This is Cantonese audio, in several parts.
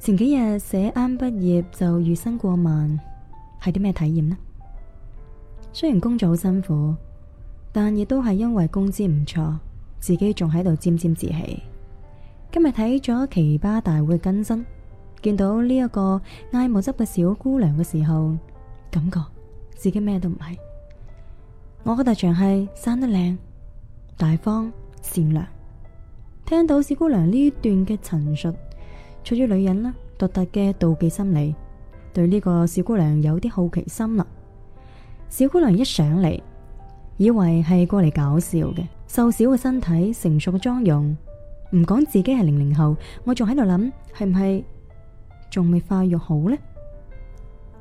前幾日寫啱畢業就月薪過萬，係啲咩體驗呢？雖然工作好辛苦，但亦都係因為工資唔錯，自己仲喺度沾沾自喜。今日睇咗奇葩大會更新，見到呢一個叫木汁嘅小姑娘嘅時候，感覺自己咩都唔係。我嘅特長係生得靚、大方、善良。聽到小姑娘呢段嘅陳述。出於女人啦，獨特嘅妒忌心理，對呢個小姑娘有啲好奇心啦。小姑娘一上嚟，以為係過嚟搞笑嘅，瘦小嘅身體，成熟嘅妝容，唔講自己係零零後，我仲喺度諗係唔係仲未化育好呢？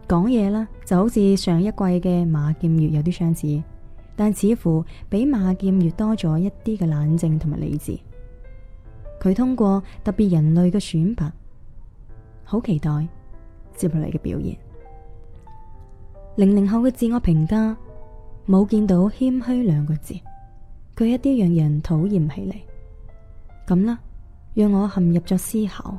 講嘢啦，就好似上一季嘅馬劍越有啲相似，但似乎比馬劍越多咗一啲嘅冷靜同埋理智。佢通過特別人類嘅選拔，好期待接落嚟嘅表現。零零後嘅自我評價冇見到謙虛兩個字，佢一啲讓人討厭起嚟咁啦，讓我陷入咗思考。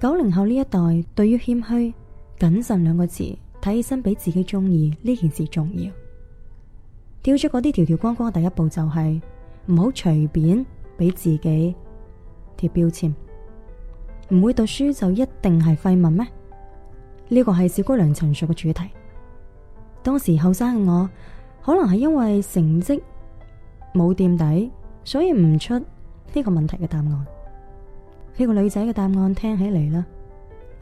九零後呢一代對於謙虛、謹慎兩個字，睇起身比自己中意呢件事重要。跳出嗰啲條條框框，第一步就係唔好隨便俾自己。貼標籤，唔會讀書就一定係廢物咩？呢個係小姑娘陳述嘅主題。當時後生嘅我，可能係因為成績冇墊底，所以唔出呢個問題嘅答案。呢個女仔嘅答案聽起嚟啦，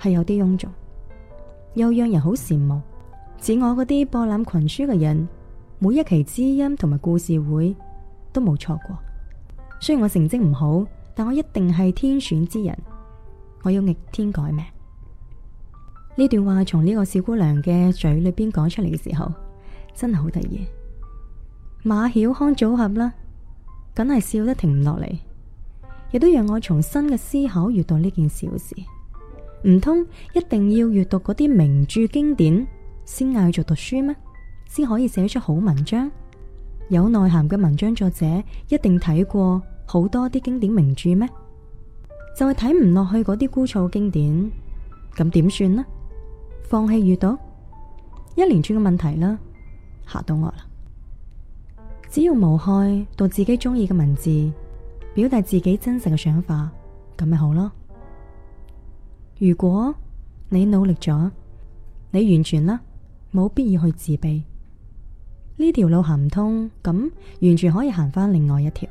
係有啲庸俗，又讓人好羨慕。似我嗰啲博覽群書嘅人，每一期知音同埋故事會都冇錯過。雖然我成績唔好，但我一定係天選之人，我要逆天改命。呢段話從呢個小姑娘嘅嘴裏邊講出嚟嘅時候，真係好得意。馬曉康組合啦，梗係笑得停唔落嚟，亦都讓我重新嘅思考閱讀呢件小事。唔通一定要閱讀嗰啲名著經典先嗌做讀書咩？先可以寫出好文章，有內涵嘅文章，作者一定睇過。好多啲經典名著咩？就係睇唔落去嗰啲枯燥經典，咁點算呢？放棄閱讀，一連串嘅問題啦，吓到我啦。只要無害到自己中意嘅文字，表達自己真實嘅想法，咁咪好咯。如果你努力咗，你完全啦冇必要去自卑。呢條路行唔通，咁完全可以行返另外一條。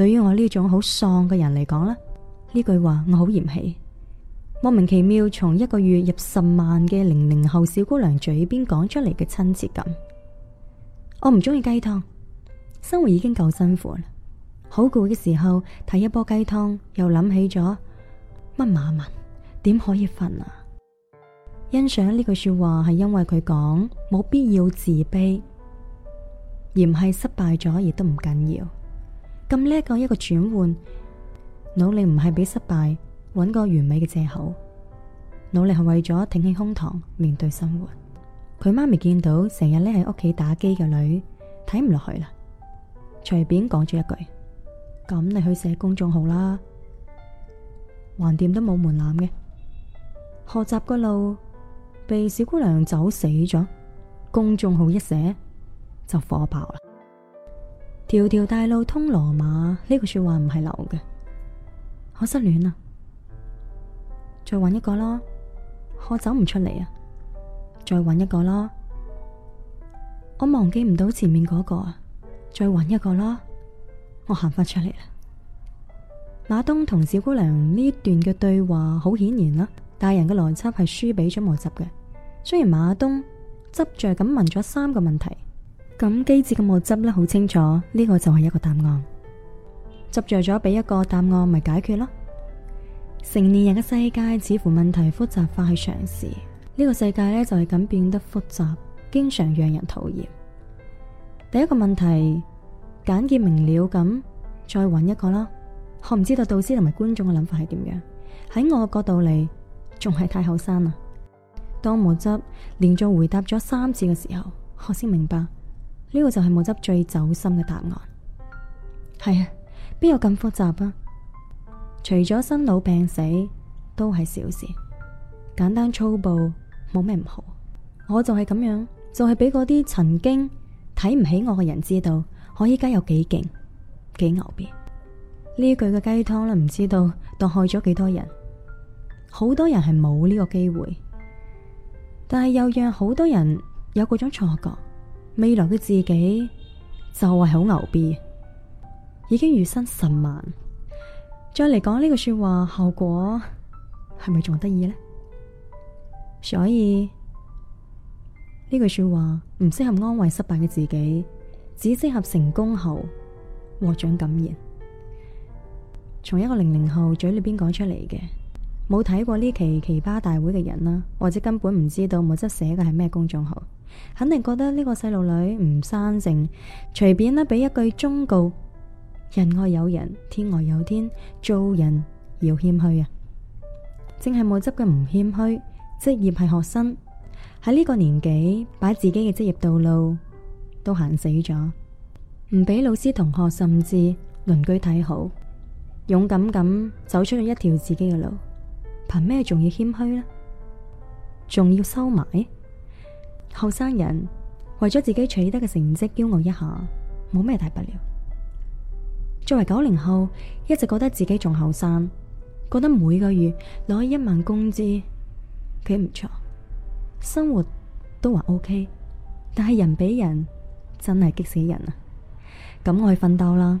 對於我呢種好喪嘅人嚟講啦，呢句話我好嫌棄。莫名其妙從一個月入十萬嘅零零後小姑娘嘴邊講出嚟嘅親切感，我唔中意雞湯，生活已經夠辛苦啦。好攰嘅時候睇一波雞湯，又諗起咗乜碼文點可以瞓啊？欣賞呢句說話係因為佢講冇必要自卑，嫌棄失敗咗亦都唔緊要。咁呢個一個轉換，努力唔係俾失敗揾個完美嘅借口，努力係為咗挺起胸膛面對生活。佢媽咪見到成日匿喺屋企打機嘅女，睇唔落去啦，隨便講咗一句：咁你去寫公眾號啦，橫掂都冇門檻嘅。學習個路被小姑娘走死咗，公眾號一寫就火爆啦。條條大路通羅馬呢句、這個、說話唔係流嘅。我失戀啦，再搵一個咯。我走唔出嚟啊，再搵一個咯。我忘記唔到前面嗰、那個啊，再搵一個咯。我行翻出嚟啦。馬東同小姑娘呢一段嘅對話，好顯然啦，大人嘅邏輯係輸俾咗木汁嘅，雖然馬東執着咁問咗三個問題。咁機智嘅木汁咧，好清楚呢、這個就係一個答案。執着咗俾一個答案，咪解決咯。成年人嘅世界似乎問題複雜化去嘗試，呢、這個世界咧就係咁變得複雜，經常讓人討厭。第一個問題簡潔明了咁，再揾一個啦。我唔知道導師同埋觀眾嘅諗法係點樣。喺我嘅角度嚟，仲係太後生啊。當木汁連續回答咗三次嘅時候，我先明白。呢個就係木汁最走心嘅答案，係啊，邊有咁複雜啊？除咗生老病死，都係小事，簡單粗暴冇咩唔好。我就係咁樣，就係俾嗰啲曾經睇唔起我嘅人知道，我依家有幾勁，幾牛逼。呢句嘅雞湯咧，唔知道當害咗幾多，多人，好多人係冇呢個機會，但係又讓好多人有嗰種錯覺。未來嘅自己就係好牛逼，已經月薪十萬，再嚟講呢句說話，效果係咪仲得意呢？所以呢句說話唔適合安慰失敗嘅自己，只適合成功後獲獎感言。從一個零零後嘴裏邊講出嚟嘅。冇睇過呢期奇葩大會嘅人啦，或者根本唔知道木汁寫嘅係咩公眾號，肯定覺得呢個細路女唔生性，隨便咧俾一句忠告：人外有人，天外有天，做人要謙虛啊！正係木汁嘅唔謙虛，職業係學生喺呢個年紀，把自己嘅職業道路都行死咗，唔俾老師同學甚至鄰居睇好，勇敢咁走出咗一條自己嘅路。憑咩仲要謙虛呢？仲要收埋？後生人為咗自己取得嘅成績驕傲一下，冇咩大不了。作為九零後，一直覺得自己仲後生，覺得每個月攞一萬工資幾唔錯，生活都還 OK。但係人比人，真係激死人啊！咁我去奮鬥啦。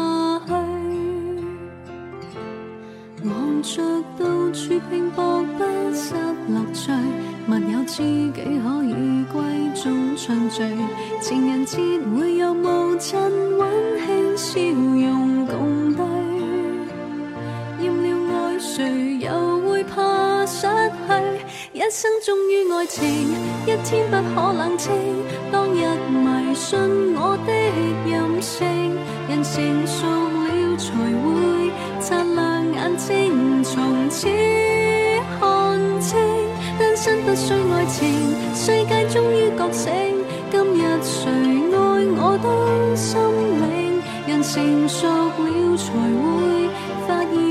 望着到處拼搏不失樂趣，沒有知己可以閨中暢聚。情人節會有無盡溫馨笑容共對。厭了愛誰又會怕失去？一生忠於愛情，一天不可冷清。當日迷信我的任性，人成熟。才會擦亮眼睛，從此看清。單身不需愛情，世界終於覺醒。今日誰愛我都心領。人成熟了才會發現。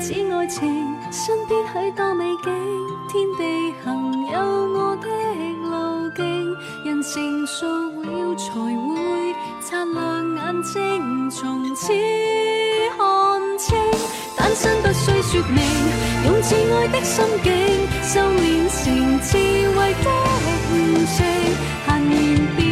似愛情，身邊許多美景，天地行有我的路徑，人成熟了才會擦亮眼睛，從此看清。單身不需說明，用摯愛的心境，修煉成智慧的悟性閒言